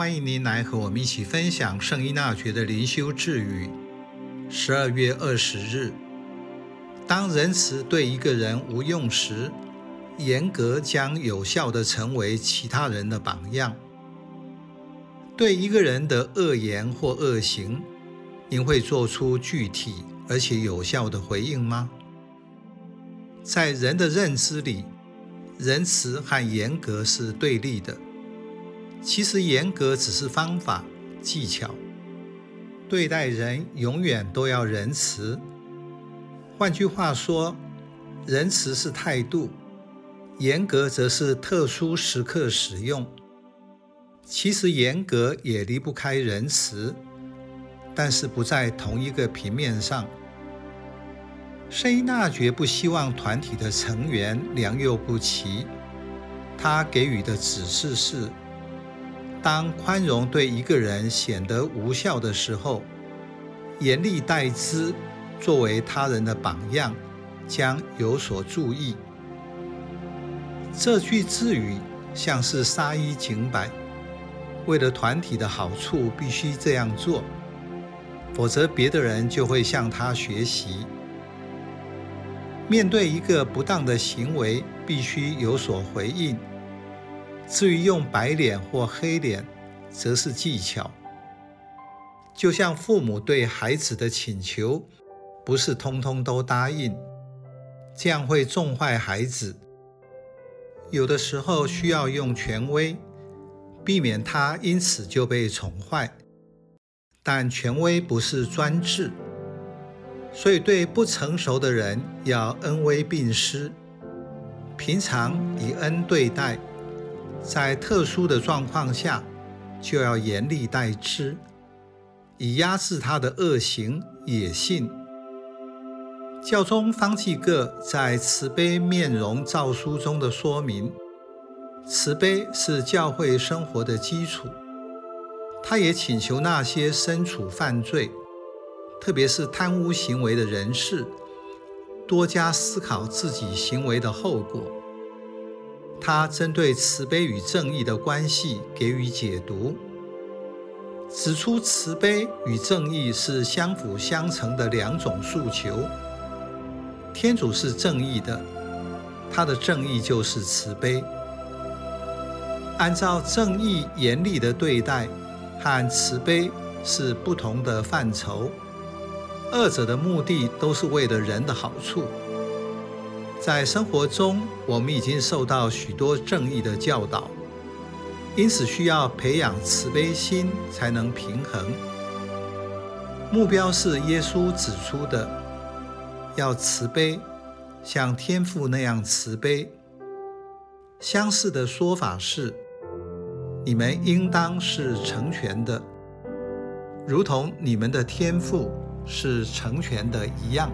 歡迎您來和我們一起分享聖依納爵的靈修智語。十二月二十日，當仁慈對一個人無用時，嚴格將有效的成為其他人的榜樣。對一個人的惡言或惡行，您會做出具體而且有效的回應嗎？在人的認知裡，仁慈和嚴格是對立的。其實嚴格只是方法、技巧，對待人永遠都要仁慈。換句話說，仁慈是態度，嚴格則是特殊時刻使用。其實嚴格也離不開仁慈，但是不在同一個平面上。聖依納爵不希望團體的成員良莠不齊，他給予的指示是。當寬容對一個人顯得無效的時候，嚴厲待之，作為他人的榜樣，將有所助益。這句智語像是殺一儆百，為了團體的好處必須這樣做，否則別的人就會向他學習。面對一個不當的行為，必須有所回應。至於用白臉或黑臉，則是技巧。就像父母對孩子的請求，不是通通都答應，這樣會縱壞孩子。有的時候需要用權威，避免他因此就被寵壞。但權威不是專制，所以對不成熟的人要恩威並施，平常以恩對待。在特殊的狀況下，就要嚴厲待之，以壓制他的惡行、野性。教宗方濟各在慈悲面容詔書中的說明，慈悲是教會生活的基礎。他也請求那些身處犯罪，特別是貪污行為的人士，多加思考自己行為的後果。他針對慈悲與正義的關係給予解讀，指出慈悲與正義是相輔相成的兩種訴求。天主是正義的，他的正義就是慈悲。按照正義嚴厲的對待和慈悲是不同的範疇，二者的目的都是為了人的好處。在生活中，我們已經受到許多正義的教導，因此需要培養慈悲心才能平衡。目標是耶穌指出的：要慈悲，像天父那樣慈悲。相似的說法是：你們應當是成全的，如同你們的天父是成全的一樣。